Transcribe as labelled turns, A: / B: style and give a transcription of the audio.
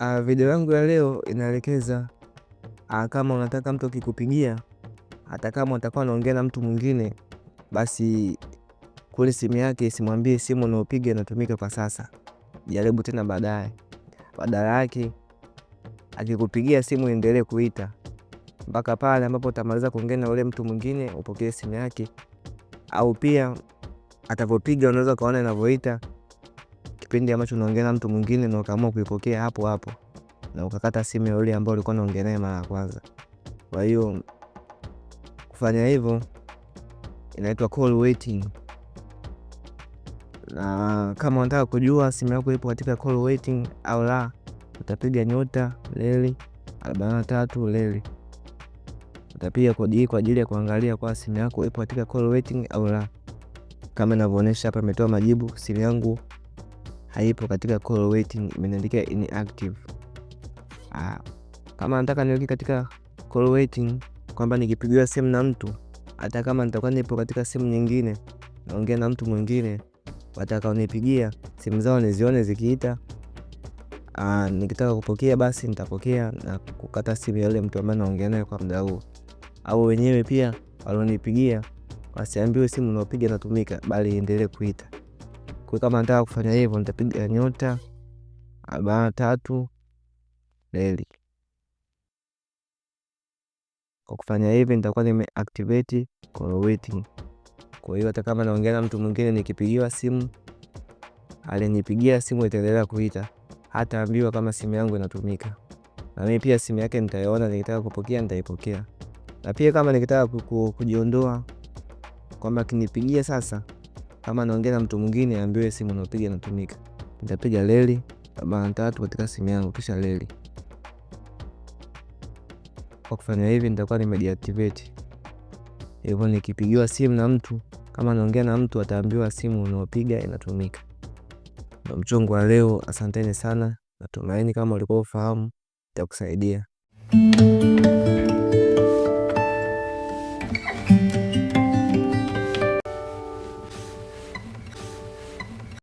A: Uh, video yangu ya leo inaelekeza uh, kama unataka mtu akikupigia, hata kama atakuwa anaongea na mtu mwingine, basi kule simu yake simwambie simu unaopiga inatumika kwa sasa, jaribu tena baadaye. Badala yake akikupigia simu endelee kuita mpaka pale ambapo utamaliza kuongea na ule mtu mwingine, upokee simu yake. Au pia atavyopiga, unaweza ukaona inavyoita kipindi ambacho unaongea na mtu mwingine na ukaamua kuipokea hapo hapo na ukakata simu yule ambaye ulikuwa unaongea naye mara ya kwanza. Kwa hiyo kufanya hivyo inaitwa call waiting, na kama unataka kujua simu yako ipo katika call waiting au la, utapiga nyota leli arobaini na tatu leli utapiga kodi hii kwa ajili ya kuangalia kwa simu yako ipo katika call waiting au la. Kama inavyoonyesha hapa, imetoa majibu simu yangu haipo katika call waiting, imeandikwa inactive. Ah, kama nataka niweke katika call waiting kwamba nikipigiwa simu na mtu hata kama nitakuwa nipo katika simu nyingine naongea na mtu mwingine, watakaonipigia simu zao nizione zikiita. Aa, ah, nikitaka kupokea basi nitapokea na kukata simu ya yule mtu ambaye naongea naye kwa muda huo, au wenyewe pia walionipigia wasiambiwe simu unaopiga natumika, bali iendelee kuita. Kwa kama nataka kufanya hivyo nitapiga nyota arobaini na tatu reli. Kwa kufanya hivi nitakuwa nime activate call waiting. Kwa hiyo hata kama naongea na mtu mwingine nikipigiwa simu, alinipigia simu itaendelea kuita, hataambiwa kama simu yangu inatumika. Na mimi pia simu yake nitaiona, nikitaka kupokea nitaipokea. Na pia kama nikitaka kujiondoa kwamba akinipigia sasa ama naongea na mtu mwingine ambiwe simu anapiga inatumika, nitapiga leli mara tatu katika simu yangu, kisha leli. Kwa kufanya hivi, nitakuwa nimedeactivate. Hivyo nikipigiwa simu na mtu, kama naongea na mtu, ataambiwa simu unaopiga inatumika. Ndo mchongo wa leo. Asanteni sana, natumaini kama ulikuwa ufahamu itakusaidia.